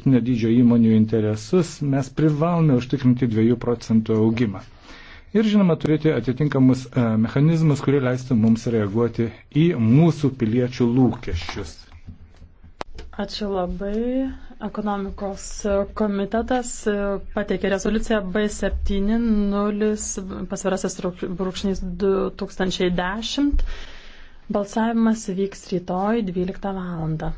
vidutinio dydžio įmonių interesus, mes privalome užtikrinti 2 procentų augimą. Ir žinoma, turėti atitinkamus e, mechanizmus, kurie leistų mums reaguoti į mūsų piliečių lūkesčius. Ačiū labai. Ekonomikos komitetas e, pateikė rezoliuciją B70 pasvirasis brūkšnys 2010. Balsavimas vyks rytoj 12 val.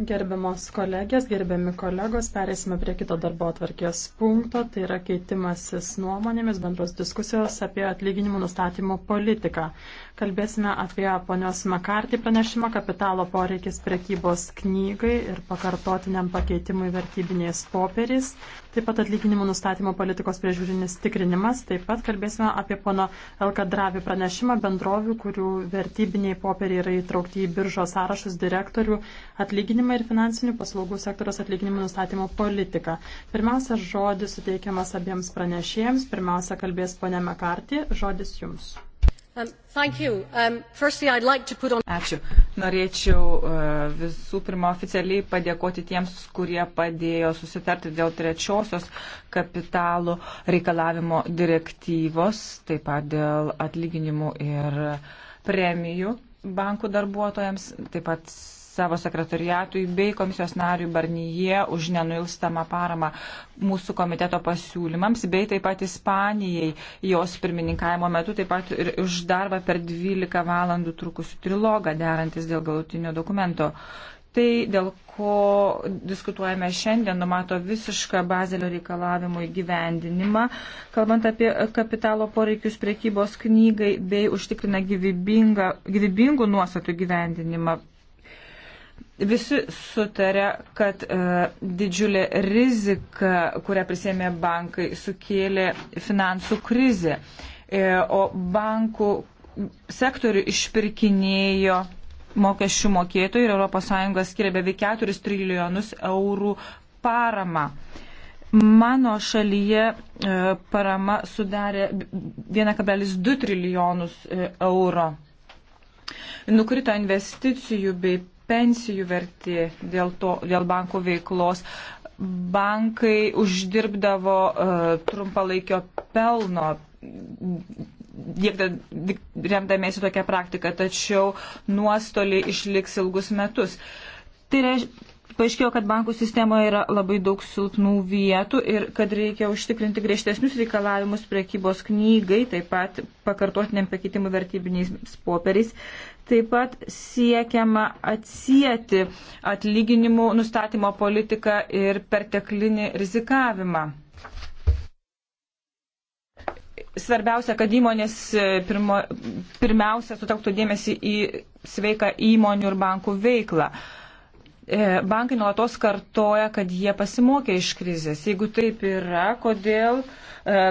Gerbiamos kolegės, gerbiami kolegos, perėsime prie kito darbo atvarkės punkto, tai yra keitimasis nuomonėmis, bendros diskusijos apie atlyginimų nustatymo politiką. Kalbėsime apie ponios Makartį pranešimą kapitalo poreikis prekybos knygai ir pakartotiniam pakeitimui vertybiniais popieriais, taip pat atlyginimų nustatymo politikos priežiūrinis tikrinimas, taip pat kalbėsime apie pono Elkadravi pranešimą bendrovių, kurių vertybiniai popieriai yra įtraukti į biržos sąrašus direktorių atlyginimų atlyginimą ir finansinių paslaugų sektoriaus atlyginimų nustatymo politiką. Pirmiausia, žodis suteikiamas abiems pranešėjams. Pirmiausia, kalbės ponė Mekartį. Žodis jums. Um, um, firstly, like on... Ačiū. Norėčiau uh, visų pirma oficialiai padėkoti tiems, kurie padėjo susitarti dėl trečiosios kapitalų reikalavimo direktyvos, taip pat dėl atlyginimų ir premijų bankų darbuotojams, taip pat savo sekretariatui bei komisijos nariui Barnyje už nenuilstamą paramą mūsų komiteto pasiūlymams, bei taip pat Ispanijai jos pirmininkavimo metu, taip pat ir už darbą per 12 valandų trukusių trilogą derantis dėl galutinio dokumento. Tai, dėl ko diskutuojame šiandien, numato visišką bazelio reikalavimų įgyvendinimą, kalbant apie kapitalo poreikius priekybos knygai bei užtikrina gyvybingą, gyvybingų nuostatų įgyvendinimą Visi sutarė, kad e, didžiulė rizika, kurią prisėmė bankai, sukėlė finansų krizė, e, o bankų sektorių išpirkinėjo mokesčių mokėtojų ir ES skiria beveik 4 trilijonus eurų paramą. Mano šalyje e, parama sudarė 1,2 trilijonus e, euro. Nukrito investicijų bei pensijų vertė dėl, to, dėl bankų veiklos. Bankai uždirbdavo uh, trumpalaikio pelno remdamėsi tokią praktiką, tačiau nuostoliai išliks ilgus metus. Tai reiškia, paaiškėjo, kad bankų sistemoje yra labai daug silpnų vietų ir kad reikia užtikrinti griežtesnius reikalavimus priekybos knygai, taip pat pakartotiniam pakeitimui vertybiniais popieriais. Taip pat siekiama atsijėti atlyginimų nustatymo politiką ir perteklinį rizikavimą. Svarbiausia, kad įmonės e, pirmo, pirmiausia sutaktų dėmesį į sveiką įmonių ir bankų veiklą. Uh, E, bankai nuolatos kartoja, kad jie pasimokė iš krizės. Jeigu taip yra, kodėl e,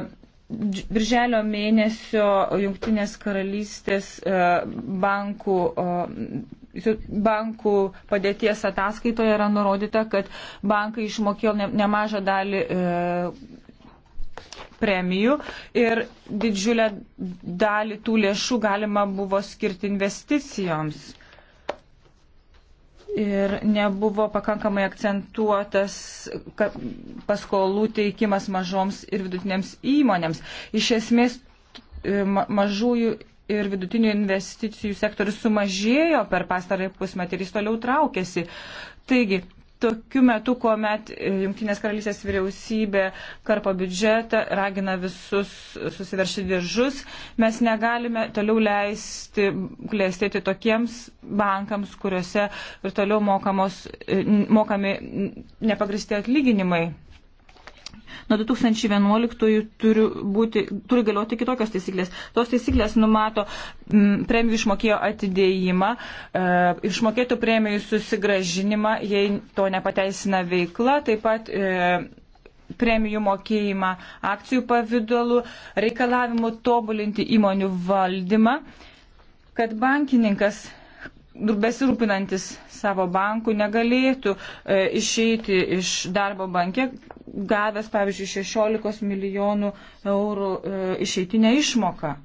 Birželio mėnesio Junktinės karalystės e, bankų, bankų padėties ataskaitoje yra nurodyta, kad bankai išmokėjo nemažą dalį premijų ir didžiulę dalį tų lėšų galima buvo skirti investicijoms ir nebuvo pakankamai akcentuotas paskolų teikimas mažoms ir vidutinėms įmonėms. Iš esmės e, mažųjų ir vidutinių investicijų sektorius sumažėjo per pastarąjį pusmetį ir jis toliau traukėsi. Taigi, tokiu metu, kuomet Junktinės karalystės vyriausybė karpo biudžetą, ragina visus susiveršti diržus, mes negalime toliau leisti klėstėti tokiems bankams, kuriuose ir toliau mokamos, mokami nepagristi atlyginimai. Nuo 2011 turi, būti, turi galioti kitokios taisyklės. Tos taisyklės numato m, mm, premijų išmokėjo atidėjimą, e, išmokėtų premijų susigražinimą, jei to nepateisina veikla, taip pat e, premijų mokėjimą akcijų pavydalu, reikalavimu tobulinti įmonių valdymą, kad bankininkas besirūpinantis savo banku negalėtų e, išeiti iš darbo bankė, gavęs, pavyzdžiui, 16 milijonų eurų e, išeitinę išmoką.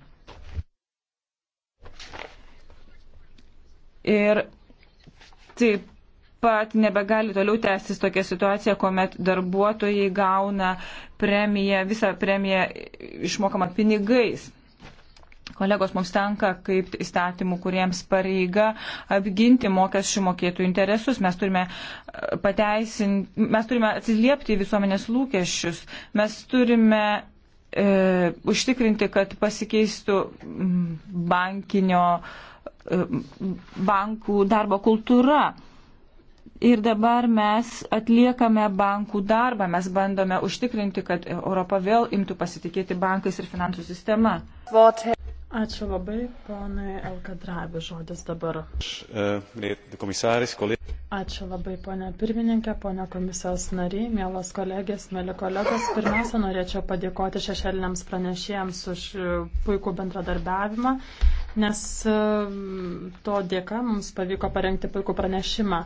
Ir taip pat nebegali toliau tęstis tokia situacija, kuomet darbuotojai gauna premiją, visą premiją išmokama pinigais. Kolegos, mums tenka kaip įstatymų, kuriems pareiga apginti mokesčių mokėtų interesus. Mes turime, e, pateisin, mes turime atsiliepti į visuomenės lūkesčius. Mes turime e, užtikrinti, kad pasikeistų bankinio, e, bankų darbo kultūra. Ir dabar mes atliekame bankų darbą, mes bandome užtikrinti, kad Europa vėl imtų pasitikėti bankais ir finansų sistema. Vote. Ačiū labai, ponai Elkadrabi, žodis dabar. Ačiū labai, ponė pirmininkė, ponė komisijos nariai, mielos kolegės, mėly kolegos. Pirmiausia, norėčiau padėkoti šešėliniams pranešėjams už e, puikų bendradarbiavimą nes to dėka mums pavyko parengti puikų pranešimą.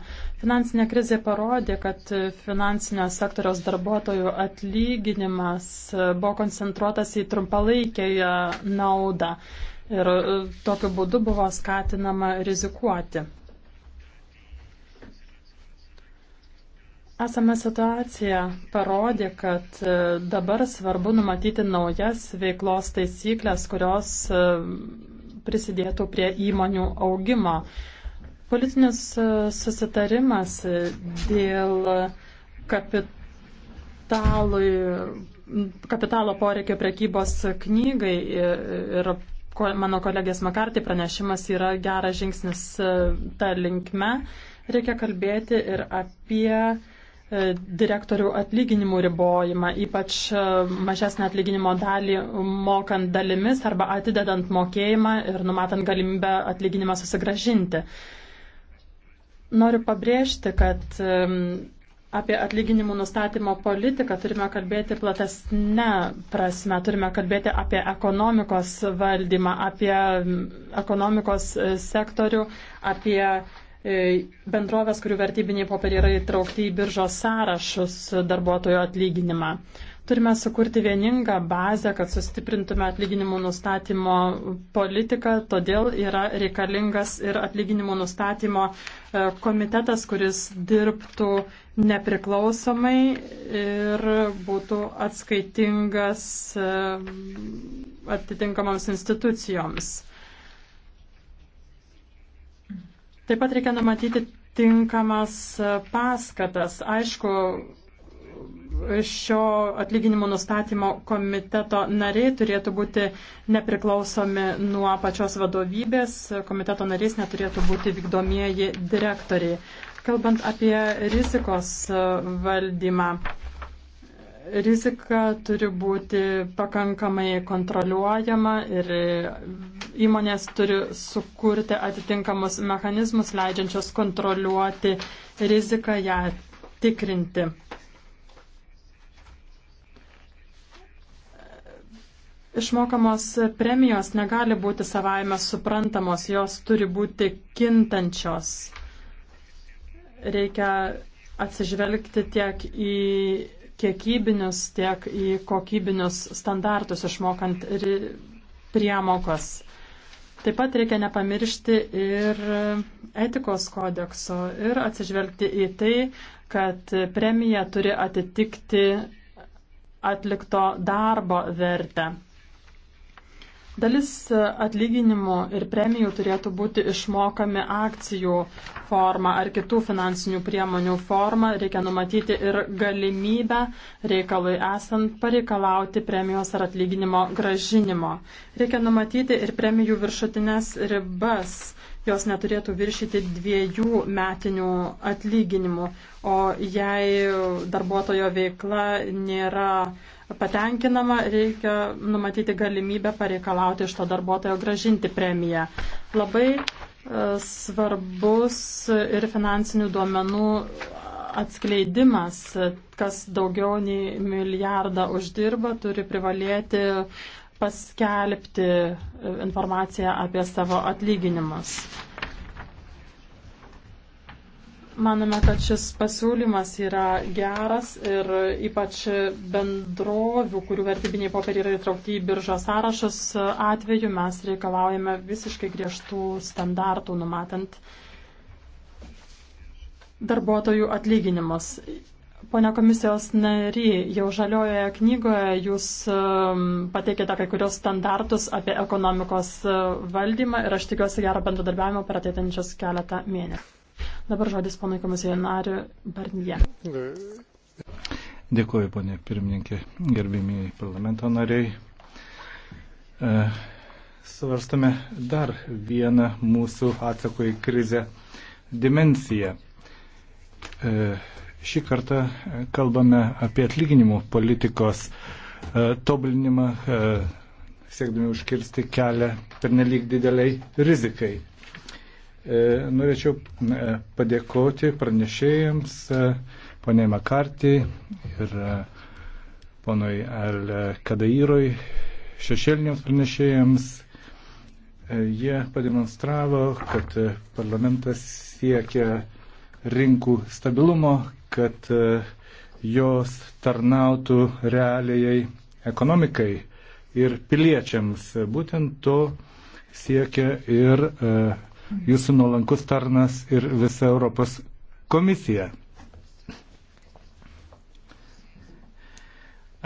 Finansinė krizė parodė, kad finansinio sektoriaus darbuotojų atlyginimas e, buvo koncentruotas į trumpalaikėją e, naudą ir e, tokiu būdu buvo skatinama rizikuoti. Esama situacija parodė, kad dabar svarbu numatyti naujas veiklos taisyklės, kurios prisidėtų prie įmonių augimo. Politinis e, susitarimas e, dėl kapitalui, kapitalo poreikio prekybos knygai e, ir mano kolegės Makartai pranešimas yra geras žingsnis tą linkme. Reikia kalbėti ir apie E, direktorių atlyginimų ribojimą, ypač e, mažesnį atlyginimo dalį mokant dalimis arba atidedant mokėjimą ir numatant galimybę atlyginimą susigražinti. Noriu pabrėžti, kad e, apie atlyginimų nustatymo politiką turime kalbėti platesnę prasme, turime kalbėti apie ekonomikos valdymą, apie ekonomikos sektorių, apie E, bendrovės, kurių vertybiniai popieriai yra įtraukti į biržos sąrašus darbuotojo atlyginimą. Turime sukurti vieningą bazę, kad sustiprintume atlyginimų nustatymo politiką, todėl yra reikalingas ir atlyginimų nustatymo e, komitetas, kuris dirbtų nepriklausomai ir būtų atskaitingas e, atitinkamoms institucijoms. Taip pat reikia numatyti tinkamas paskatas. Aišku, šio atlyginimo nustatymo komiteto nariai turėtų būti nepriklausomi nuo pačios vadovybės, komiteto narys neturėtų būti vykdomieji direktoriai. Kalbant apie rizikos valdymą, rizika turi būti pakankamai kontroliuojama ir įmonės turi sukurti atitinkamus mechanizmus, leidžiančios kontroliuoti riziką, ją tikrinti. Išmokamos premijos negali būti savaime suprantamos, jos turi būti kintančios. Reikia atsižvelgti tiek į kiekybinius, tiek į kokybinius standartus išmokant priemokas. Taip pat reikia nepamiršti ir etikos kodekso ir atsižvelgti į tai, kad premija turi atitikti atlikto darbo vertę. Dalis atlyginimų ir premijų turėtų būti išmokami akcijų forma ar kitų finansinių priemonių forma. Reikia numatyti ir galimybę reikalui esant pareikalauti premijos ar atlyginimo gražinimo. Reikia numatyti ir premijų viršutinės ribas. Jos neturėtų viršyti dviejų metinių atlyginimų. O jei darbuotojo veikla nėra patenkinama, reikia numatyti galimybę pareikalauti iš to darbuotojo gražinti premiją. Labai e, svarbus ir finansinių duomenų atskleidimas, kas daugiau nei milijardą uždirba, turi privalėti paskelbti informaciją apie savo atlyginimus. Manome, kad šis pasiūlymas yra geras ir ypač bendrovių, kurių vertybiniai popieriai yra įtraukti į biržą sąrašus atveju, mes reikalaujame visiškai griežtų standartų, numatant darbuotojų atlyginimus. Pone komisijos nary, jau žaliojoje knygoje jūs um, pateikėte kai kurios standartus apie ekonomikos uh, valdymą ir aš tikiuosi gero bendradarbiavimo per ateinančius keletą mėnesių. Dabar žodis ponui komisijai nariu Barnyje. Dėkuoju, ponė pirmininkė, gerbimieji parlamento nariai. E, svarstame dar vieną mūsų atsako į krizę dimensiją. E, šį kartą kalbame apie atlyginimų politikos e, tobulinimą, siekdami užkirsti kelią pernelyg dideliai rizikai. E, norėčiau e, padėkoti pranešėjams, e, poniai Makartį ir ponui Al Kadairoj, šešėliniams pranešėjams. Jie pademonstravo, kad parlamentas siekia rinkų stabilumo, kad jos tarnautų realiai ekonomikai ir piliečiams. Būtent to siekia ir uh, jūsų nuolankus tarnas ir visa Europos komisija.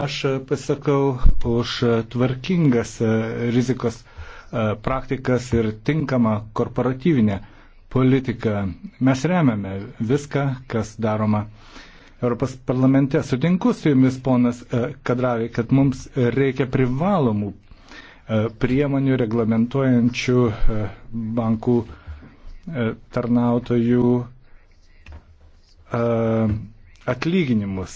Aš pasakau už tvarkingas rizikos praktikas ir tinkamą korporatyvinę politiką. Mes remiame viską, kas daroma Europos parlamente. Sutinku su jumis, ponas Kadravė, kad mums reikia privalomų E, priemonių reglamentuojančių e, bankų e, tarnautojų atlyginimus.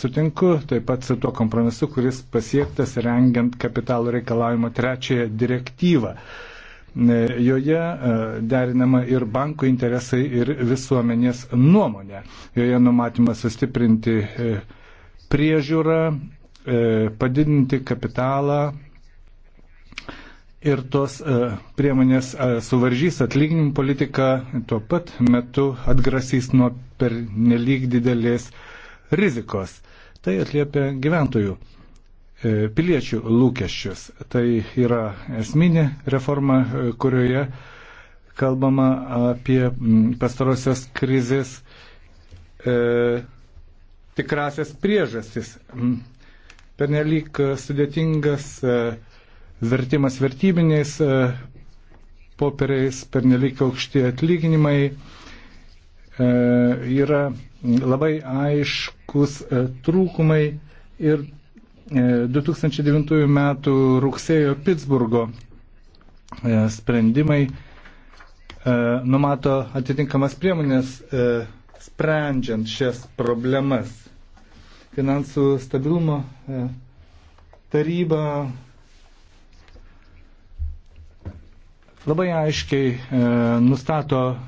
Sutinku taip pat su tuo kompromisu, kuris pasiektas rengiant kapitalo reikalavimo trečiąją direktyvą. Joje derinama ir bankų interesai, ir visuomenės nuomonė. Joje numatoma sustiprinti priežiūrą, padidinti kapitalą ir tos e, priemonės e, suvaržys atlyginimų politiką, tuo pat metu atgrasys nuo per nelik didelės rizikos. Tai atliepia gyventojų, e, piliečių lūkesčius. Tai yra esminė reforma, kurioje kalbama apie pastarosios krizės e, tikrasias priežastis. Pernelyg sudėtingas e, vertimas vertybiniais e, popieriais, pernelyg aukšti atlyginimai e, yra labai aiškus e, trūkumai ir 2009 m. rugsėjo Pittsburgo sprendimai numato atitinkamas priemonės sprendžiant šias problemas. Finansų stabilumo taryba labai aiškiai e, nustato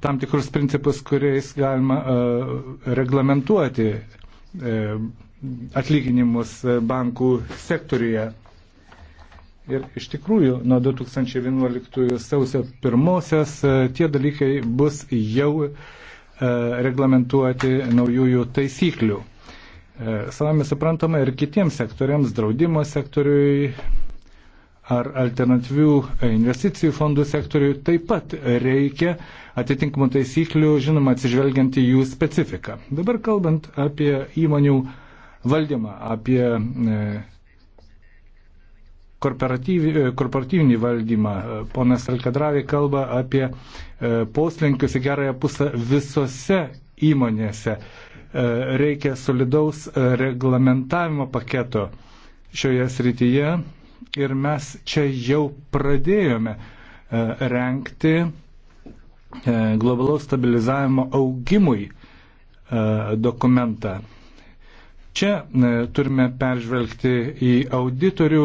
tam tikrus principus, kuriais galima e, reglamentuoti e, atlyginimus e, bankų sektoriuje. Ir iš tikrųjų nuo 2011 sausio pirmosios e, tie dalykai bus jau e, reglamentuoti naujųjų taisyklių. Savame suprantama ir kitiems sektoriams, draudimo sektoriui, ar alternatyvių investicijų fondų sektoriui taip pat reikia atitinkamų taisyklių, žinoma, atsižvelgiant į jų specifiką. Dabar kalbant apie įmonių valdymą, apie e, e, korporatyvinį valdymą, ponas Alkadravi kalba apie e, poslinkius į gerąją pusę visose įmonėse. Reikia solidaus reglamentavimo paketo šioje srityje ir mes čia jau pradėjome e, renkti e, globalaus stabilizavimo augimui e, dokumentą. Čia turime peržvelgti į auditorių,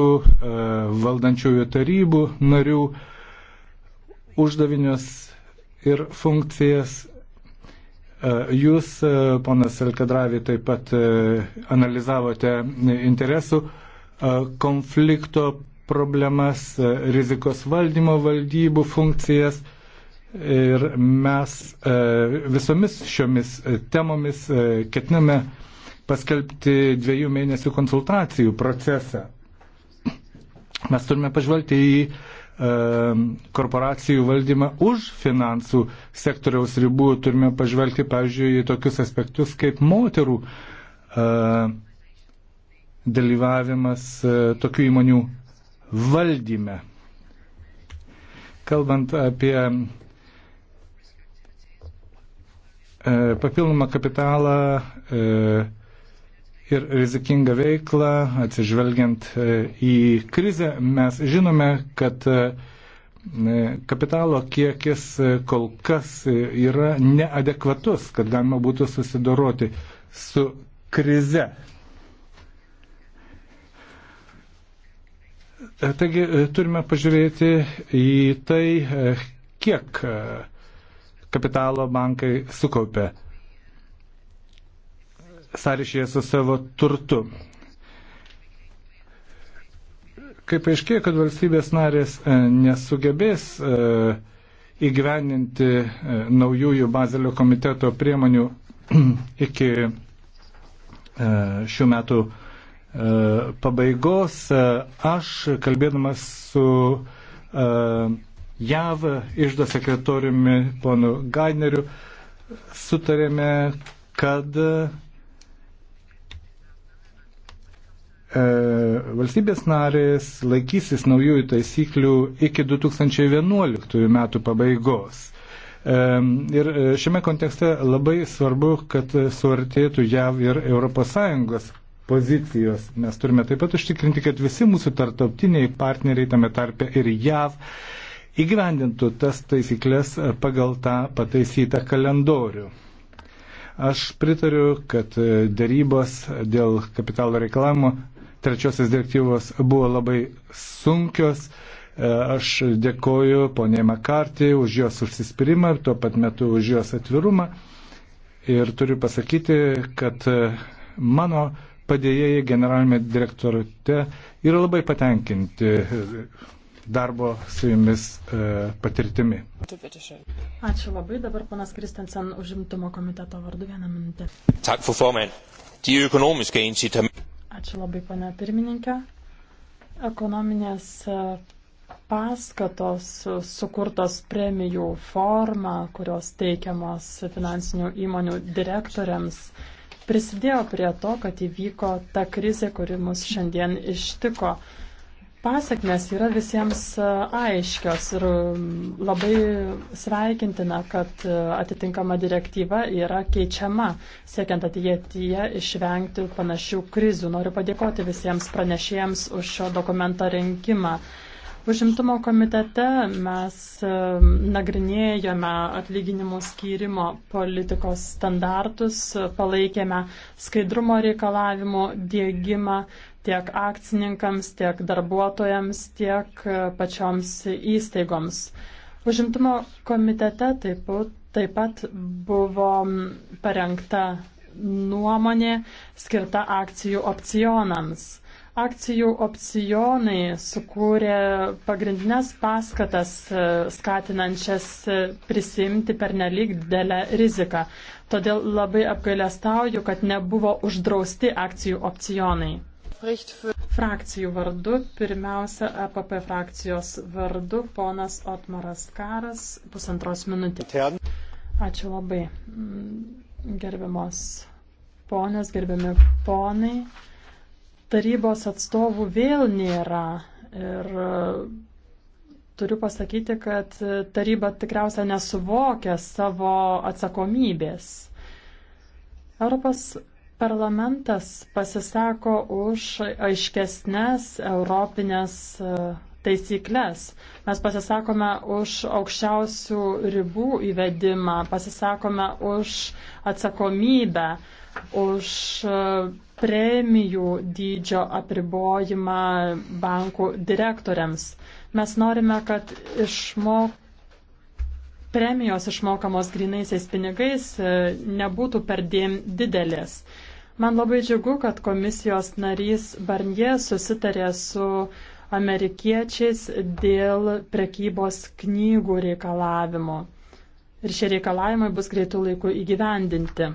valdančiųjų tarybų narių uždavinius ir funkcijas. Jūs, ponas Elkadravi, taip pat analizavote interesų konflikto problemas, rizikos valdymo valdybų funkcijas. Ir mes visomis šiomis temomis ketiname paskelbti dviejų mėnesių konsultacijų procesą. Mes turime pažvelgti į korporacijų valdymą už finansų sektoriaus ribų. Turime pažvelgti, pavyzdžiui, į tokius aspektus kaip moterų uh, dalyvavimas e, tokių įmonių valdyme. Kalbant apie e, papildomą kapitalą e, ir rizikingą veiklą, atsižvelgiant į krizę, mes žinome, kad kapitalo kiekis kol kas yra neadekvatus, kad galima būtų susidoroti su krize. E, taigi e, turime pažiūrėti į tai, e, kiek kapitalo bankai sukaupė sąryšyje su savo turtu. Kaip aiškėja, kad valstybės narės nesugebės įgyveninti naujųjų Bazelio komiteto priemonių iki šių metų E, pabaigos e, aš kalbėdamas su e, JAV išdo sekretoriumi ponu Gaineriu sutarėme, kad valstybės narės laikysis naujųjų taisyklių iki 2011 metų pabaigos. Ir šiame kontekste labai svarbu, kad suartėtų JAV ir ES pozicijos. Mes turime taip pat užtikrinti, kad visi mūsų tarptautiniai partneriai, tame tarpe ir JAV, įgyvendintų tas taisyklės pagal tą pataisytą kalendorių. Aš pritariu, kad darybos dėl kapitalo reikalavimo trečiosios direktyvos buvo labai sunkios. Aš dėkoju poniai Makartį už jos užsispyrimą ir tuo pat metu už jos atvirumą. Ir turiu pasakyti, kad mano padėjėjai generalinėme direktorate yra labai patenkinti darbo su jumis e, patirtimi. Ačiū labai. Dabar panas Kristensen užimtumo komiteto vardu vieną minutę. Ačiū labai, pane pirmininkė. Ekonominės e, paskatos e, sukurtos premijų forma, kurios teikiamos finansinių įmonių direktoriams prisidėjo prie to, kad įvyko ta krizė, kuri mus šiandien ištiko. Pasakmės yra visiems e, aiškios ir labai sveikintina, kad e, atitinkama direktyva yra keičiama, siekiant ateityje išvengti panašių krizių. Noriu padėkoti visiems pranešėjams už šio dokumento rinkimą. Užimtumo komitete mes e, nagrinėjome atlyginimų skyrimo politikos standartus, palaikėme skaidrumo reikalavimų dėgymą tiek akcininkams, tiek darbuotojams, tiek e, pačioms įstaigoms. Užimtumo komitete taip, taip pat buvo parengta nuomonė skirta akcijų opcionams. Akcijų opcionai sukūrė pagrindinės paskatas e, skatinančias e, prisimti per nelik didelę riziką. Todėl labai apgailestauju, kad nebuvo uždrausti akcijų opcionai. Frakcijų vardu, pirmiausia, EPP frakcijos vardu, ponas Otmaras Karas, pusantros minutės. Ačiū labai, gerbiamos ponės, gerbiami ponai tarybos atstovų vėl nėra. Ir e, turiu pasakyti, kad taryba tikriausia nesuvokia savo atsakomybės. Europos parlamentas pasisako už aiškesnės europinės e, taisyklės. Mes pasisakome už aukščiausių ribų įvedimą, pasisakome už atsakomybę, už e, premijų dydžio apribojimą bankų direktoriams. Mes norime, kad išmok... premijos išmokamos grinaisiais pinigais e, nebūtų perdėm didelės. Man labai džiugu, kad komisijos narys Barnie susitarė su amerikiečiais dėl prekybos knygų reikalavimo. Ir šie reikalavimai bus greitų laikų įgyvendinti.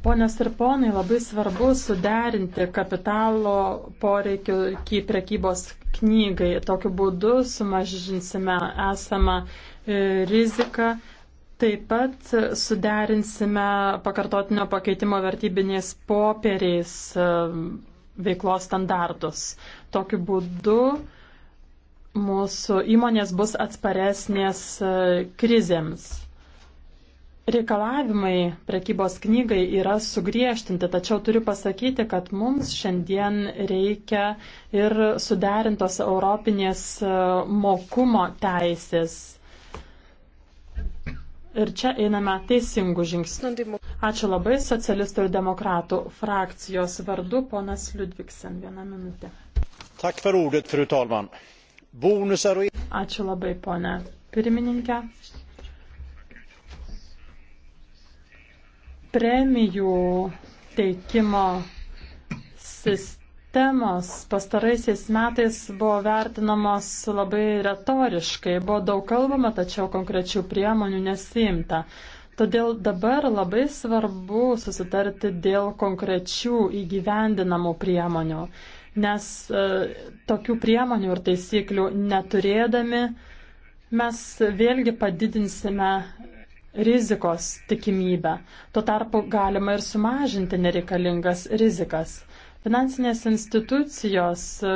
Ponios ir ponai, labai svarbu suderinti kapitalo poreikių į prekybos knygai. Tokiu būdu sumažinsime esamą e, riziką, taip pat suderinsime pakartotinio pakeitimo vertybiniais popieriais e, veiklos standartus. Tokiu būdu mūsų įmonės bus atsparesnės e, krizėms. Reikalavimai prekybos knygai yra sugriežtinti, tačiau turiu pasakyti, kad mums šiandien reikia ir suderintos Europinės e, mokumo teisės. Ir čia einame teisingų žingsnių. Ačiū labai socialistų ir demokratų frakcijos vardu, ponas Liudviksen, vieną minutę. Ačiū labai, ponė pirmininkė. premijų teikimo sistemos pastaraisiais metais buvo vertinamos labai retoriškai, buvo daug kalbama, tačiau konkrečių priemonių nesimta. Todėl dabar labai svarbu susitarti dėl konkrečių įgyvendinamų priemonių, nes e, tokių priemonių ir taisyklių neturėdami mes vėlgi padidinsime rizikos tikimybę. Tuo tarpu galima ir sumažinti nereikalingas rizikas. Finansinės institucijos e,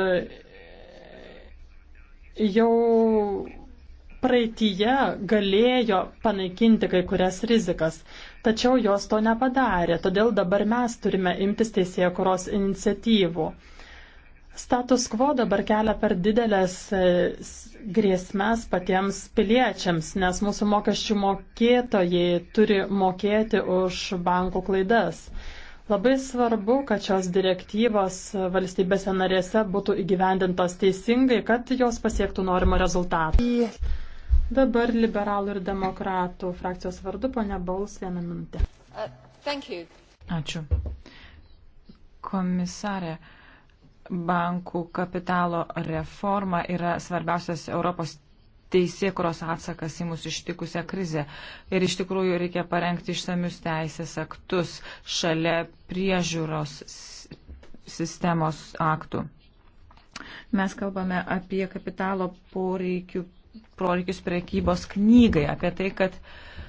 jau praeitįje galėjo panaikinti kai kurias rizikas, tačiau jos to nepadarė, todėl dabar mes turime imtis teisėjo kuros iniciatyvų. Status quo dabar kelia per didelės e, grėsmės patiems piliečiams, nes mūsų mokesčių mokėtojai turi mokėti už bankų klaidas. Labai svarbu, kad šios direktyvos valstybėse narėse būtų įgyvendintos teisingai, kad jos pasiektų norimo rezultatą. Dabar liberalų ir demokratų frakcijos vardu, ponia Bauls, vieną minutę. Uh, Ačiū. Komisarė. Uh, bankų kapitalo reforma yra svarbiausias Europos teisėkuros atsakas į mūsų ištikusią krizę. Ir iš tikrųjų reikia parengti išsamius teisės aktus šalia priežiūros sistemos aktų. Mes kalbame apie kapitalo poreikių, poreikius prekybos knygai, apie tai, kad uh,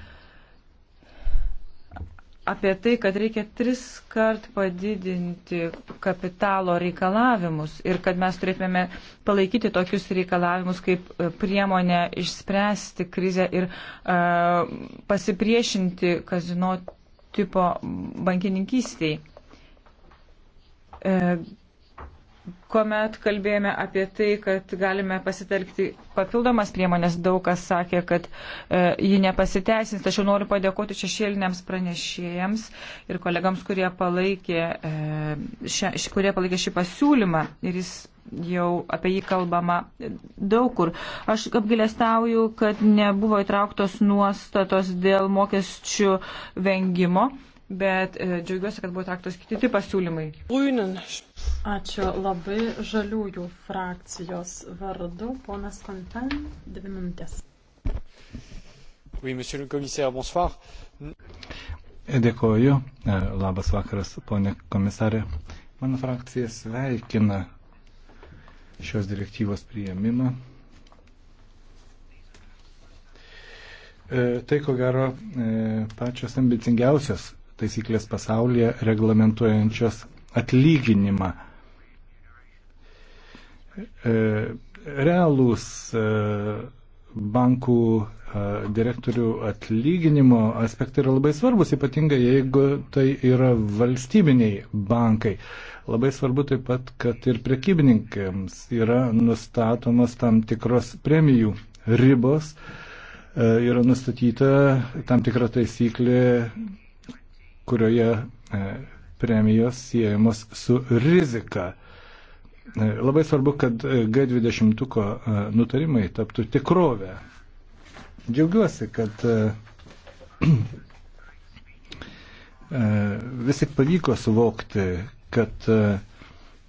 apie tai, kad reikia tris kart padidinti kapitalo reikalavimus ir kad mes turėtume palaikyti tokius reikalavimus kaip e, priemonė išspręsti krizę ir uh, pasipriešinti kazino tipo bankininkystiai. Uh, e, kuomet kalbėjome apie tai, kad galime pasitelkti papildomas priemonės, daug kas sakė, kad e, ji nepasiteisins. Tačiau noriu padėkoti šešėliniams pranešėjams ir kolegams, kurie palaikė, e, šia, kurie palaikė šį pasiūlymą. Ir jis jau apie jį kalbama daug kur. Aš apgailestauju, kad nebuvo įtrauktos nuostatos dėl mokesčių vengimo. Bet e, džiaugiuosi, kad buvo traktos kiti pasiūlymai. Brūnin, Ačiū labai žaliųjų frakcijos vardu. Ponas Kontan, dvi minutės. Oui, monsieur le commissaire, bonsoir. Dėkoju. E, labas vakaras, ponė komisarė. Mano frakcija sveikina šios direktyvos priėmimą. E, tai, ko gero, e, pačios ambicingiausios taisyklės pasaulyje reglamentuojančios atlyginimą. E, realūs e, bankų e, direktorių atlyginimo aspektai yra labai svarbus, ypatingai jeigu tai yra valstybiniai bankai. Labai svarbu taip pat, kad ir prekybininkams yra nustatomas tam tikros premijų ribos, yra nustatyta tam tikra taisyklė, kurioje premijos siejamos su rizika. E, labai svarbu, kad G20 e, nutarimai taptų tikrovę. Džiaugiuosi, kad e, vis tik pavyko suvokti, kad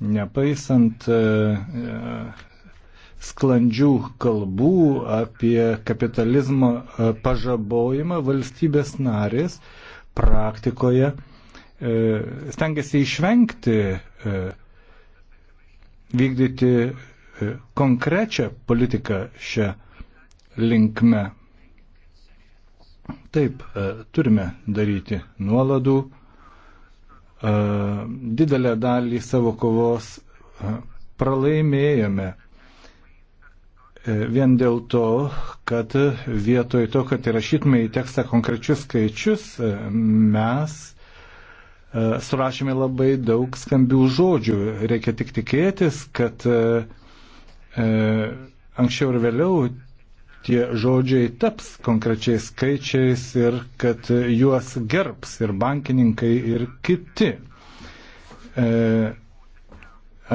nepaisant sklandžių kalbų apie kapitalizmo pažabojimą, valstybės narės praktikoje uh, E, stengiasi išvengti e, vykdyti e, konkrečią politiką šią linkme. Taip, turime daryti nuoladų, didelę dalį savo kovos pralaimėjome vien dėl to, kad vietoj to, kad įrašytume į tekstą konkrečius skaičius, mes E, surašėme labai daug skambių žodžių. Reikia tik tikėtis, kad e, e, anksčiau ir vėliau tie žodžiai taps konkrečiais skaičiais ir kad juos gerbs ir bankininkai, ir kiti.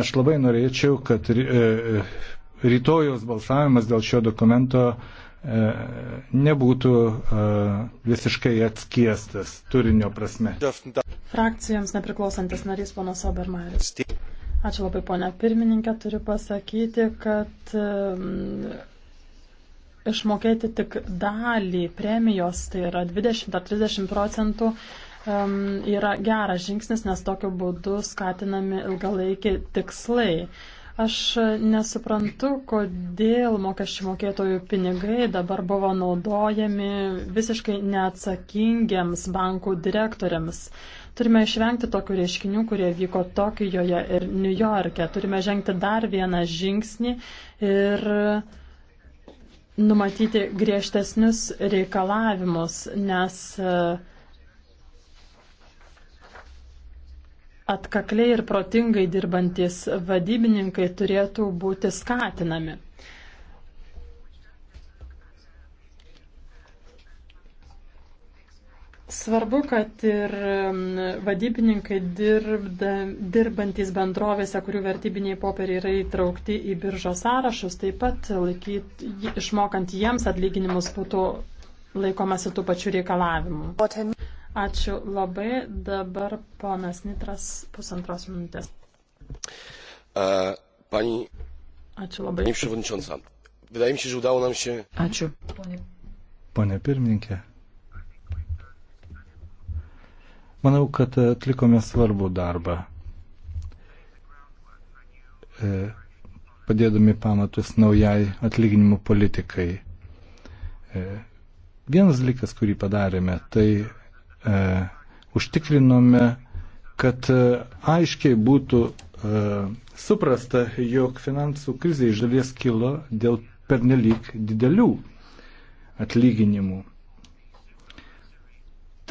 Aš labai norėčiau, kad rytojos balsavimas dėl šio dokumento E, nebūtų e, visiškai atskiestas turinio prasme. Frakcijoms nepriklausantis narys ponas Obermaris. Ačiū labai, ponia pirmininkė, turiu pasakyti, kad e, išmokėti tik dalį premijos, tai yra 20 ar 30 procentų, yra geras žingsnis, nes tokiu būdu skatinami ilgalaikiai tikslai. Aš nesuprantu, kodėl mokesčių mokėtojų pinigai dabar buvo naudojami visiškai neatsakingiams bankų direktoriams. Turime išvengti tokių reiškinių, kurie vyko Tokijoje ir New Yorke. Turime žengti dar vieną žingsnį ir numatyti griežtesnius reikalavimus, nes uh, atkakliai ir protingai dirbantis vadybininkai turėtų būti skatinami. Svarbu, kad ir um, vadybininkai dirbda, dirbantis bendrovėse, kurių vertybiniai popieriai yra įtraukti į biržos sąrašus, taip pat laikyt, išmokant jiems atlyginimus būtų laikomasi tų pačių reikalavimų. Ačiū labai. Dabar ponas Nitras pusantros minutės. Uh, pani... Ačiū labai. Pani Przewodnicząca, wydaje mi się, że udało nam się... Ačiū. Pone, Pone pirmininkė. Manau, kad atlikome svarbų darbą. E, padėdami pamatus naujai atlyginimų politikai. E, vienas dalykas, kurį padarėme, tai e, užtikrinome, kad e, aiškiai būtų e, suprasta, jog finansų krizė iš dalies kilo dėl pernelyg didelių atlyginimų.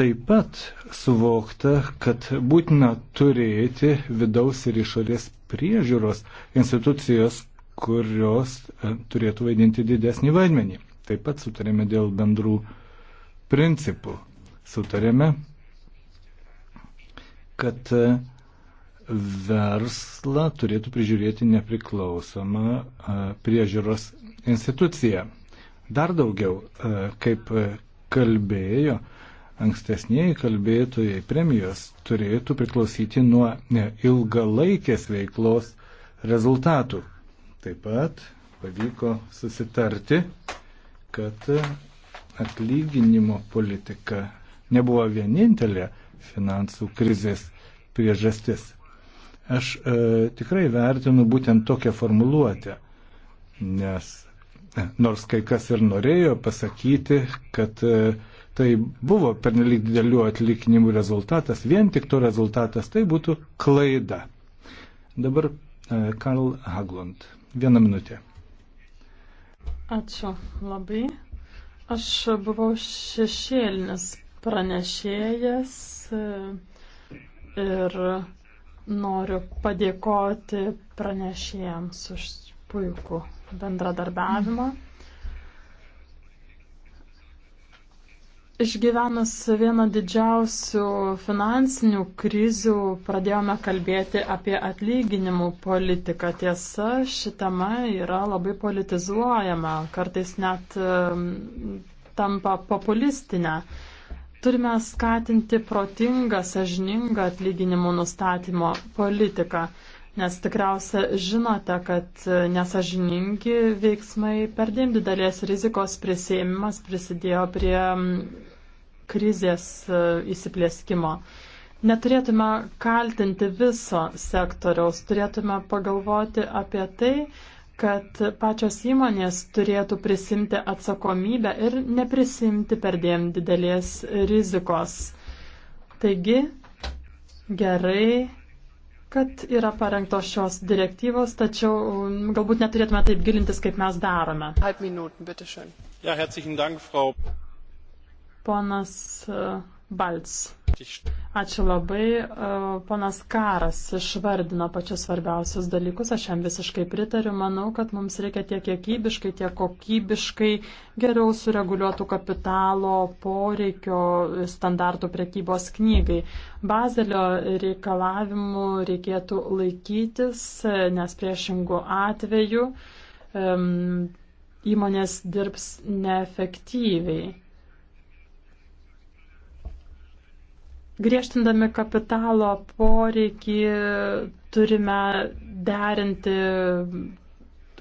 Taip pat suvokta, kad būtina turėti vidaus ir išorės priežiūros institucijos, kurios e, turėtų vaidinti didesnį vaidmenį. Taip pat sutarėme dėl bendrų principų sutarėme, kad verslą turėtų prižiūrėti nepriklausoma priežiūros institucija. Dar daugiau, kaip kalbėjo ankstesniai kalbėtojai, premijos turėtų priklausyti nuo e, ilgalaikės veiklos rezultatų. Taip pat pavyko susitarti, kad atlyginimo politika nebuvo vienintelė finansų krizės priežastis. Aš e, tikrai vertinu būtent tokią formuluotę, nes e, nors kai kas ir norėjo pasakyti, kad e, tai buvo pernelyg didelių atlikinimų rezultatas, vien tik to rezultatas tai būtų klaida. Dabar e, Karl Haglund. Vieną minutę. Ačiū labai. Aš buvau šešėlinis pranešėjas e, ir noriu padėkoti pranešėjams už puikų bendradarbiavimą. Išgyvenus vieną didžiausių finansinių krizių pradėjome kalbėti apie atlyginimų politiką. Tiesa, ši tema yra labai politizuojama, kartais net e, tampa populistinė. Turime skatinti protingą, sažiningą atlyginimų nustatymo politiką, nes tikriausia žinote, kad nesažiningi veiksmai per dėm didelės rizikos prisėmimas prisidėjo prie mm, krizės e, įsiplėskimo. Neturėtume kaltinti viso sektoriaus, turėtume pagalvoti apie tai, kad pačios įmonės turėtų prisimti atsakomybę ir neprisimti perdėm didelės rizikos. Taigi, gerai, kad yra parengtos šios direktyvos, tačiau um, galbūt neturėtume taip gilintis, kaip mes darome. Ponas uh, Balts. Ačiū labai. E, ponas Karas išvardino pačius svarbiausius dalykus, aš jam visiškai pritariu. Manau, kad mums reikia tiek kiekybiškai, tiek kokybiškai geriau sureguliuotų kapitalo poreikio standartų prekybos knygai. Bazelio reikalavimų reikėtų laikytis, nes priešingų atveju um, įmonės dirbs neefektyviai. Griežtindami kapitalo poreikį turime derinti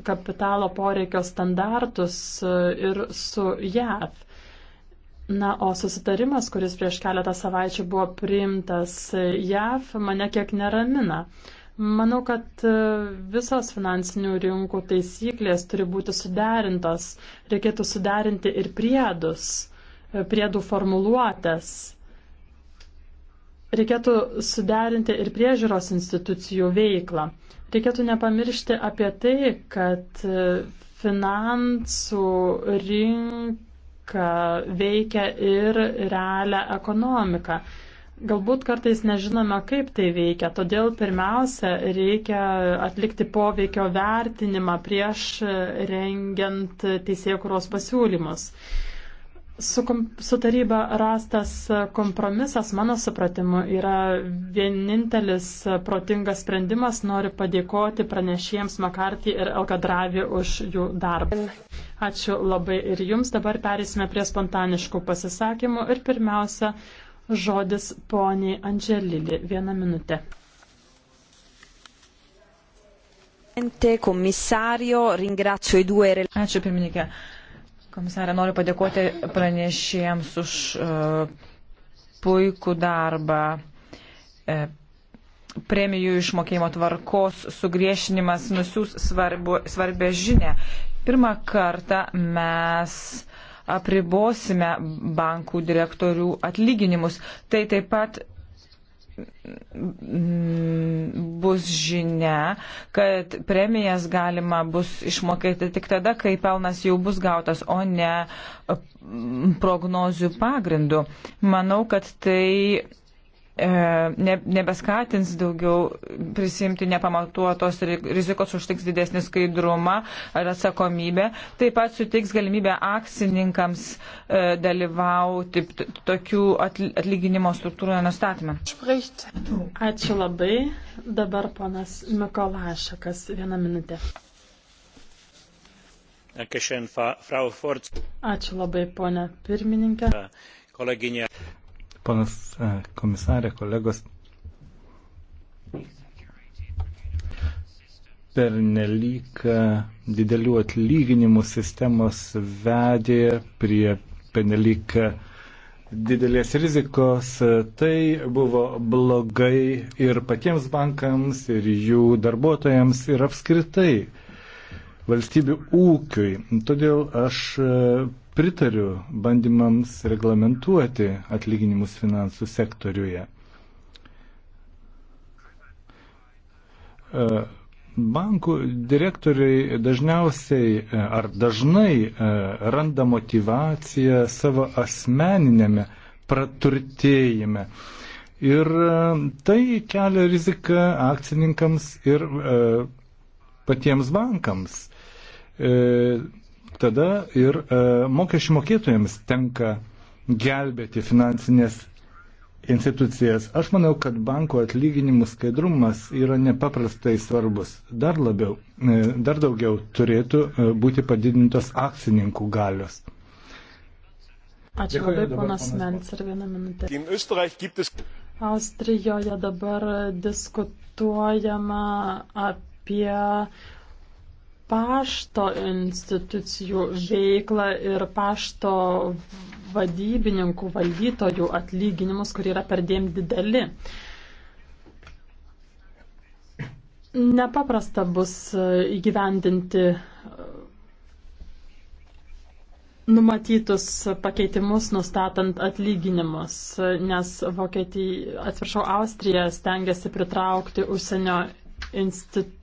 kapitalo poreikio standartus e, ir su JAV. Na, o susitarimas, kuris prieš keletą savaičių buvo priimtas JAV, mane kiek neramina. Manau, kad e, visos finansinių rinkų taisyklės turi būti suderintos. Reikėtų suderinti ir priedus, e, priedų formuluotės reikėtų suderinti ir priežiūros institucijų veiklą. Reikėtų nepamiršti apie tai, kad e, finansų rinka veikia ir realią ekonomiką. Galbūt kartais nežinome, kaip tai veikia, todėl pirmiausia reikia atlikti poveikio vertinimą prieš rengiant teisėjų kuros pasiūlymus su, su taryba rastas kompromisas, mano supratimu, yra vienintelis protingas sprendimas. Noriu padėkoti pranešėjams Makartį ir Elkadravi už jų darbą. Ačiū labai ir jums. Dabar perėsime prie spontaniškų pasisakymų ir pirmiausia žodis poniai Andželili. Vieną minutę. Ačiū pirmininkė. Komisarė, noriu padėkoti pranešėjams už uh, puikų darbą. Uh, premijų išmokėjimo tvarkos sugriešinimas nusiūs svarbu, svarbę žinę. Pirmą kartą mes apribosime bankų direktorių atlyginimus. Tai taip pat bus žinia, kad premijas galima bus išmokėti tik tada, kai pelnas jau bus gautas, o ne prognozių pagrindu. Manau, kad tai E, ne, nebeskatins daugiau prisimti nepamatuotos rizikos, užtiks didesnį skaidrumą ar atsakomybę. Taip pat suteiks galimybę akcininkams e, dalyvauti tokių atlyginimo struktūroje nustatymą. Ačiū labai. Dabar ponas Mikolašakas, vieną minutę. Ačiū labai, ponė pirmininkė. Koleginė. Panas e, komisarė, kolegos, per nelik e, didelių atlyginimų sistemos vedė prie penelik e, didelės rizikos. Tai buvo blogai ir patiems bankams, ir jų darbuotojams, ir apskritai valstybių ūkiui. Todėl aš pritariu bandymams reglamentuoti atlyginimus finansų sektoriuje. E, bankų direktoriai dažniausiai e, ar dažnai e, randa motivaciją savo asmeninėme praturtėjime. Ir tai kelia riziką akcininkams ir patiems bankams tada ir e, mokesčių mokėtojams tenka gelbėti finansinės institucijas. Aš manau, kad banko atlyginimų skaidrumas yra nepaprastai svarbus. Dar labiau, e, dar daugiau turėtų e, būti padidintos akcininkų galios. Ačiū labai, ponas Mens, ir vieną minutę. Austrijoje dabar diskutuojama apie pašto institucijų veiklą ir pašto vadybininkų, valdytojų atlyginimus, kurie yra perdėm dideli. Nepaprasta bus įgyvendinti numatytus pakeitimus nustatant atlyginimus, nes Vokietija, atsiprašau, Austrija stengiasi pritraukti užsienio institucijas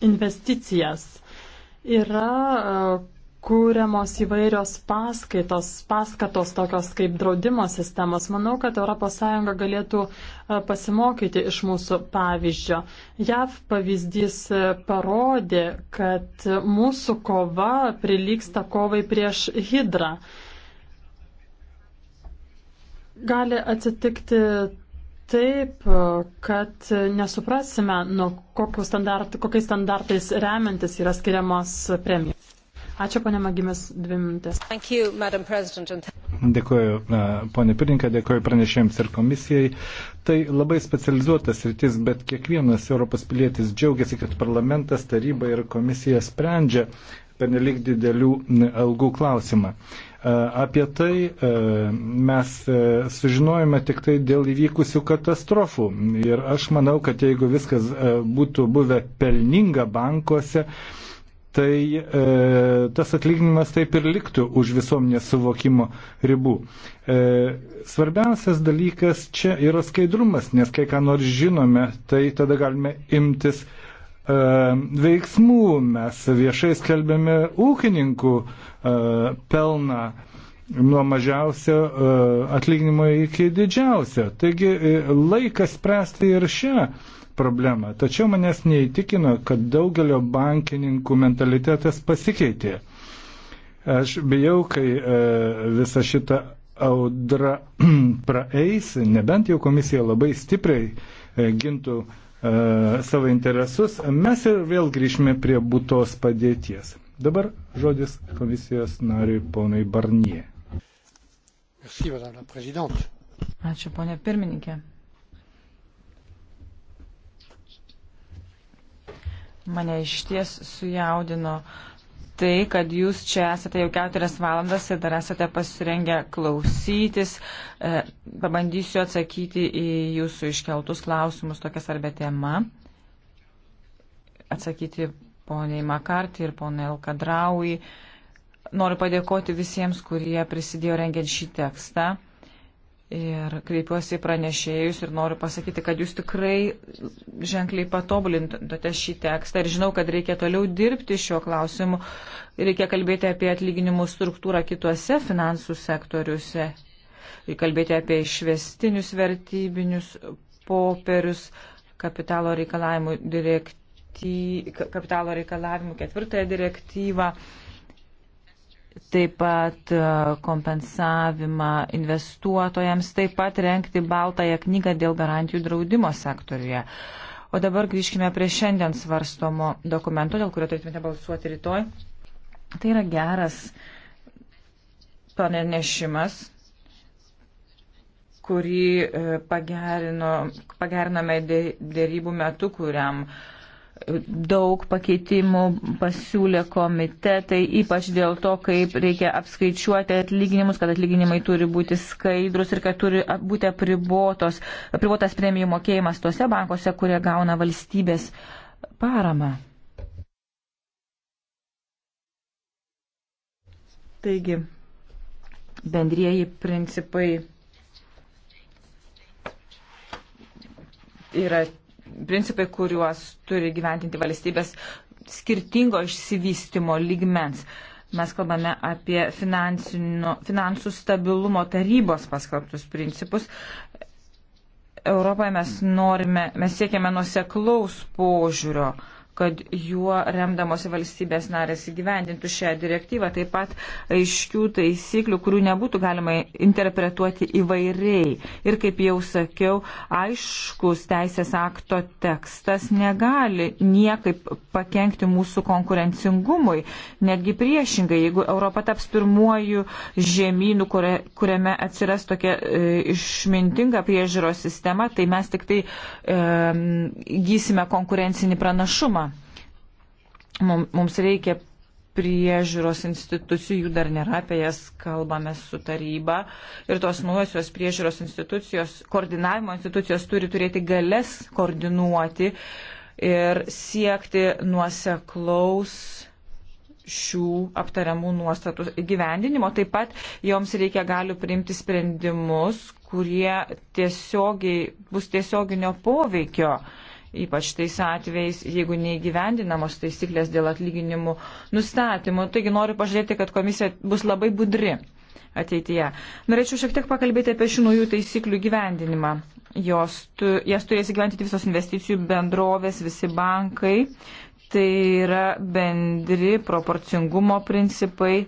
investicijas. Yra e, kūriamos įvairios paskaitos, paskatos tokios kaip draudimo sistemos. Manau, kad ES galėtų e, pasimokyti iš mūsų pavyzdžio. JAV pavyzdys e, parodė, kad mūsų kova prilyksta kovai prieš hidrą. Gali atsitikti taip, kad nesuprasime, nu, standart, kokiais standartais remiantis yra skiriamos premijos. Ačiū, ponė Magimis, dvi minutės. Dėkuoju, e, ponė Pirinkė, dėkuoju pranešėjams ir komisijai. Tai labai specializuotas rytis, bet kiekvienas Europos pilietis džiaugiasi, kad parlamentas, taryba ir komisija sprendžia pernelik didelių algų klausimą. E, apie tai e, mes e, sužinojome tik tai dėl įvykusių katastrofų. Ir aš manau, kad jeigu viskas būtų buvę pelninga bankuose, tai e, tas atlyginimas taip ir liktų už visuomenės suvokimo ribų. E, svarbiausias dalykas čia yra skaidrumas, nes kai ką nors žinome, tai tada galime imtis e, veiksmų. Mes viešai skelbėme ūkininkų e, E, pelną nuo mažiausio e, atlyginimo iki didžiausio. Taigi e, laikas spręsti ir šią problemą. Tačiau manęs neįtikino, kad daugelio bankininkų mentalitetas pasikeitė. Aš bijau, kai visa šita audra praeis, nebent jau komisija labai stipriai gintų savo interesus, mes ir vėl grįžime prie būtos padėties. Dabar žodis komisijos nariui ponui Barnie. Ačiū, ponė pirmininkė. Mane iš ties sujaudino tai, kad jūs čia esate jau keturias valandas ir dar esate pasirengę klausytis. E, pabandysiu atsakyti į jūsų iškeltus klausimus tokia svarbia tema. Atsakyti poniai Makartį ir poniai Elkadraui. Noriu padėkoti visiems, kurie prisidėjo rengiant šį tekstą. Ir kreipiuosi į pranešėjus ir noriu pasakyti, kad jūs tikrai ženkliai patobulintote šį tekstą ir žinau, kad reikia toliau dirbti šiuo klausimu. Reikia kalbėti apie atlyginimų struktūrą kituose finansų sektoriuose. Ir kalbėti apie išvestinius vertybinius popierius, kapitalo reikalavimų direktyvą kapitalo reikalavimų ketvirtąją direktyvą, taip pat e, kompensavimą investuotojams, taip pat renkti baltąją knygą dėl garantijų draudimo sektoriuje. O dabar grįžkime prie šiandien svarstomo dokumento, dėl kurio turėtumėte balsuoti rytoj. Tai yra geras pranešimas, kurį e, pagerino, pagerinome dėrybų metu, kuriam uh, daug pakeitimų pasiūlė komitetai, ypač dėl to, kaip reikia apskaičiuoti atlyginimus, kad atlyginimai turi būti skaidrus ir kad turi būti apribotos, apribotas premijų mokėjimas tuose bankuose, kurie gauna valstybės paramą. Taigi, bendrieji principai yra principai, kuriuos turi gyventinti valstybės skirtingo išsivystimo lygmens. Mes kalbame apie finansų stabilumo tarybos paskelbtus principus. Europoje mes norime, mes siekiame nuseklaus požiūrio. Uh, kad juo remdamosi valstybės narės įgyvendintų šią direktyvą, taip pat aiškių taisyklių, kurių nebūtų galima interpretuoti įvairiai. Ir kaip jau sakiau, aiškus teisės akto tekstas negali niekaip pakengti mūsų konkurencingumui. Netgi priešingai, jeigu Europa taps pirmuoju žemynu, kuriame atsiras tokia e, išmintinga priežiūros sistema, tai mes tik tai e, gysime konkurencinį pranašumą. Mums reikia priežiūros institucijų, jų dar nėra, apie jas kalbame su taryba. Ir tos nuosios priežiūros institucijos, koordinavimo institucijos turi turėti galės koordinuoti ir siekti nuoseklaus šių aptariamų nuostatų įgyvendinimo. Taip pat joms reikia galių priimti sprendimus, kurie tiesiogiai, bus tiesioginio poveikio uh, ypač tais atvejais, jeigu neįgyvendinamos taisyklės dėl atlyginimų nustatymų. Taigi noriu pažiūrėti, kad komisija bus labai budri ateityje. Norėčiau šiek tiek pakalbėti apie šių naujų taisyklių gyvendinimą. Jos, tu, jas turės įgyventi visos investicijų bendrovės, visi bankai. Tai yra bendri proporcingumo principai.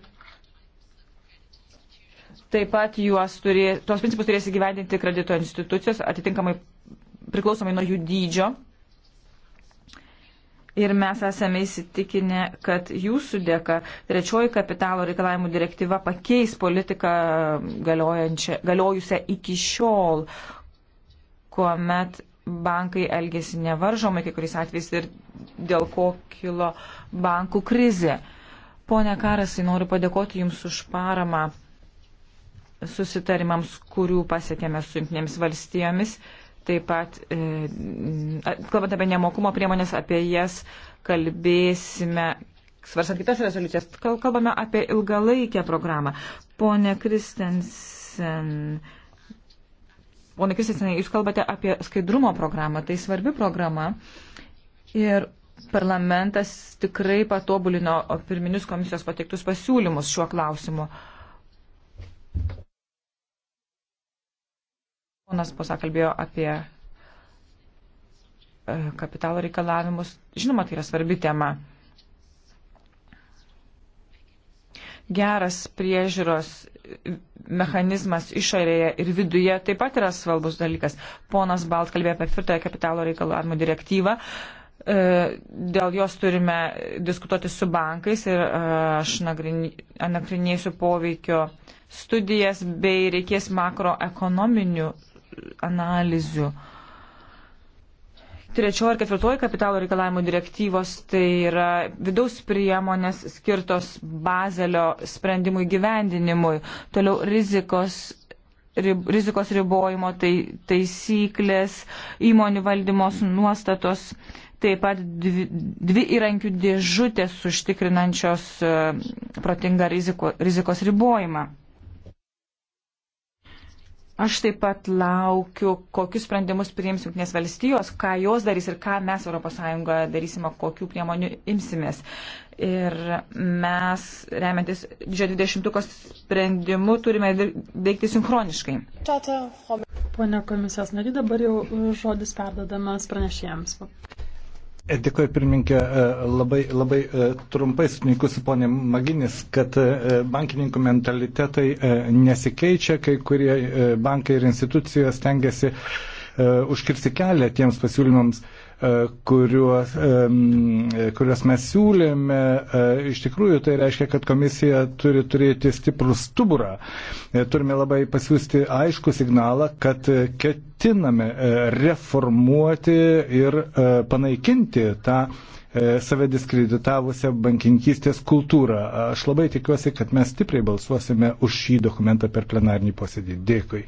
Taip pat juos turė, tuos principus turės įgyvendinti kredito institucijos, atitinkamai priklausomai nuo jų dydžio. Ir mes esame įsitikinę, kad jūsų dėka trečioji kapitalo reikalavimų direktyva pakeis politiką galiojusią iki šiol, kuomet bankai elgėsi nevaržomai kai kuriais atvejais ir dėl ko kilo bankų krizė. Pone Karasai, noriu padėkoti Jums už paramą susitarimams, kurių pasiekėme su jungtinėms valstijomis Taip pat, e, kalbant apie nemokumo priemonės, apie jas kalbėsime, svarstant kitas rezoliucijas, kalbame apie ilgalaikę programą. Pone Kristensen, pone Kristensen, jūs kalbate apie skaidrumo programą, tai svarbi programa. Ir parlamentas tikrai patobulino pirminius komisijos pateiktus pasiūlymus šiuo klausimu. Uh, Ponas Posa kalbėjo apie e, kapitalo reikalavimus. Žinoma, tai yra svarbi tema. Geras priežiūros mechanizmas išorėje ir viduje taip pat yra svarbus dalykas. Ponas Balt kalbėjo apie tvirtąją kapitalo reikalavimų direktyvą. E, dėl jos turime diskutuoti su bankais ir e, aš nagrinėsiu poveikio studijas bei reikės makroekonominių analizių. Trečioji ir ketvirtoji kapitalo reikalavimų direktyvos tai yra vidaus priemonės skirtos bazelio sprendimų įgyvendinimui. Toliau rizikos rib, rizikos ribojimo tai, taisyklės, įmonių valdymos nuostatos, taip pat dvi, dvi įrankių dėžutės užtikrinančios e, protingą riziko, rizikos ribojimą. Aš taip pat laukiu, kokius sprendimus priims Junktinės valstijos, ką jos darys ir ką mes ES darysime, kokių priemonių imsimės. Ir mes, remiantis didžiojo dvidešimtukos sprendimu, turime veikti sinchroniškai. Pone komisijos nari, dabar jau žodis perdodamas pranešėjams. E, Dėkuoju, pirmininkė, e, labai, labai e, trumpai sutinku su ponė Maginis, kad bankininkų mentalitetai nesikeičia, kai kurie bankai ir institucijos tengiasi užkirsti kelią tiems pasiūlymams E, kuriuos, kuriuos mes siūlėme, e, iš tikrųjų tai reiškia, kad komisija turi turėti stiprų stuburą. E, turime labai pasiūsti aišku signalą, kad ketiname reformuoti ir panaikinti tą save diskreditavusią bankininkystės kultūrą. Aš labai tikiuosi, kad mes stipriai balsuosime už šį dokumentą per plenarnį posėdį. Dėkui.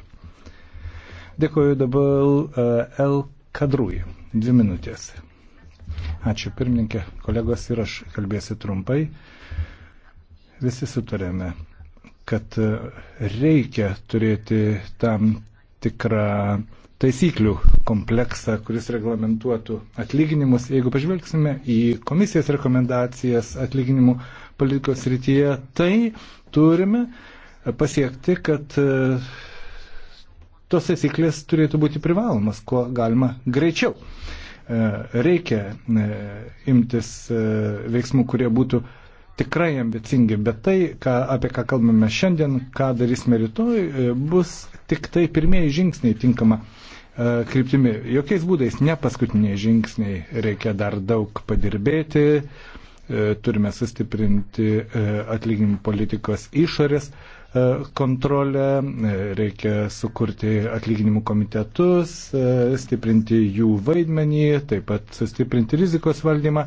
Dėkuoju dabar L Kadrui. Dvi minutės. Ačiū pirmininkė, kolegos ir aš kalbėsiu trumpai. Visi sutarėme, kad reikia turėti tam tikrą taisyklių kompleksą, kuris reglamentuotų atlyginimus. Jeigu pažvelgsime į komisijos rekomendacijas atlyginimų politikos rytyje, tai turime pasiekti, kad tos taisyklės turėtų būti privalomas, kuo galima greičiau. E, reikia e, imtis e, veiksmų, kurie būtų tikrai ambicingi, bet tai, ką, apie ką kalbame šiandien, ką darysime rytoj, bus tik tai pirmieji žingsniai tinkama kryptimi. Jokiais būdais ne paskutiniai žingsniai, reikia dar daug padirbėti, turime sustiprinti atlyginimų politikos išorės E, kontrolę, e, reikia sukurti atlyginimų komitetus, e, stiprinti jų vaidmenį, taip pat sustiprinti rizikos valdymą.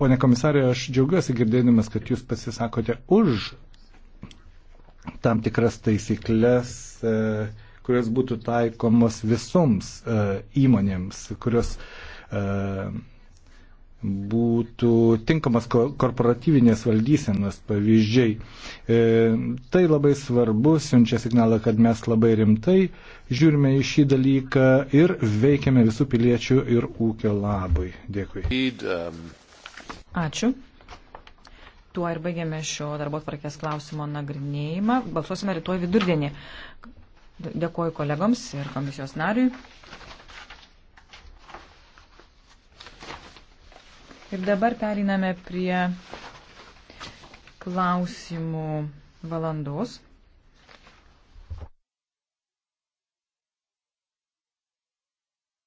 Pone komisarė, aš džiaugiuosi girdėdamas, kad jūs pasisakote už tam tikras taisyklės, kurios būtų taikomos visoms įmonėms, kurios būtų tinkamas korporatyvinės valdysenos pavyzdžiai. E, tai labai svarbu, siunčia signalą, kad mes labai rimtai žiūrime į šį dalyką ir veikiame visų piliečių ir ūkio labui. Dėkui. Ačiū. Tuo ir baigėme šio darbo tvarkės klausimo nagrinėjimą. Balsuosime rytoj vidurdienį. Dėkuoju kolegoms ir komisijos nariui. Ir dabar periname prie klausimų valandos.